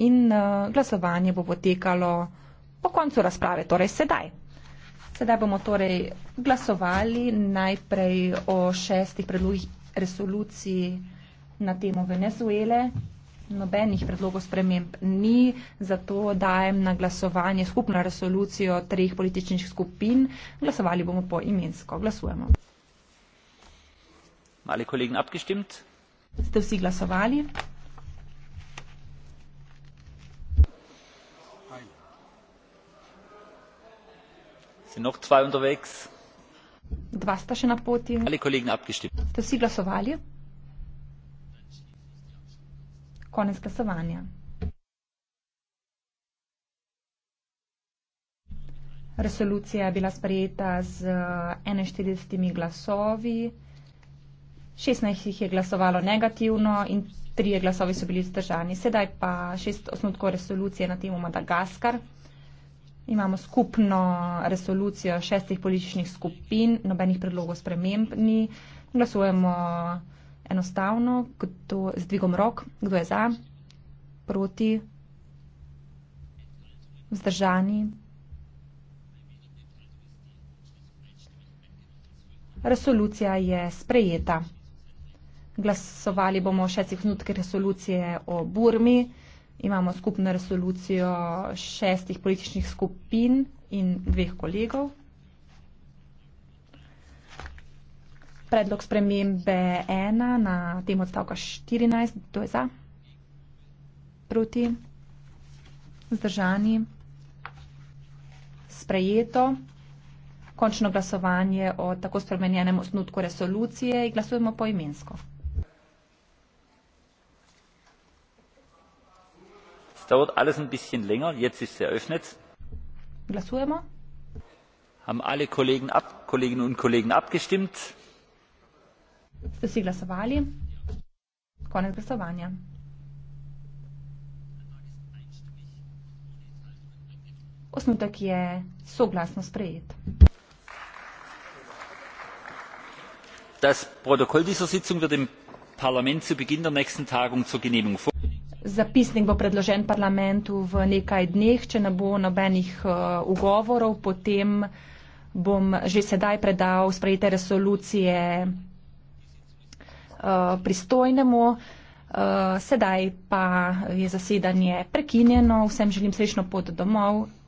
in eh, glasovanje bo potekalo po koncu razprave, torej sedaj. Sedaj bomo torej glasovali najprej o šestih predlogih resolucij na temo Venezuele. Nobenih predlogov sprememb ni, zato dajem na glasovanje skupno resolucijo treh političnih skupin. Glasovali bomo po imensko. Glasujemo. Mali kolegen, abgestimt? Ste vsi glasovali? sind noch zwei unterwegs. Dva sta še na poti. Alle Kollegen abgestimmt. Ste vsi glasovali? Konec glasovanja. Resolucija je bila sprejeta z 41 eh, glasovi, 16 jih je glasovalo negativno in 3 glasovi so bili zdržani. Sedaj pa 6 osnutkov resolucije na temo Madagaskar. Imamo skupno resolucijo šestih političnih skupin, nobenih predlogov sprememb ni. Glasujemo enostavno, kdo, z dvigom rok, kdo je za, proti, vzdržani. Resolucija je sprejeta. Glasovali bomo o šestih minutkih resolucije o Burmi imamo skupno resolucijo šestih političnih skupin in dveh kolegov. Predlog spremembe 1 na tem odstavka 14, to je za, proti, zdržani, sprejeto, končno glasovanje o tako spremenjenem osnutku resolucije in glasujemo poimensko. dauert alles ein bisschen länger. Jetzt ist es eröffnet. Glasujemy. Haben alle Kollegen ab, Kolleginnen und Kollegen abgestimmt? Wszyscy głosowali? Koniec głosowania. Osnutek je soglasno sprejet. Das Protokoll dieser Sitzung wird im Parlament zu Beginn der nächsten Tagung zur Genehmigung vorgelegt. Zapisnik bo predložen parlamentu v nekaj dneh, če ne bo nobenih eh, ugovorov, potem bom že sedaj predal sprejete resolucije eh, pristojnemu. Eh, sedaj pa je zasedanje prekinjeno, vsem želim srečno pot domov.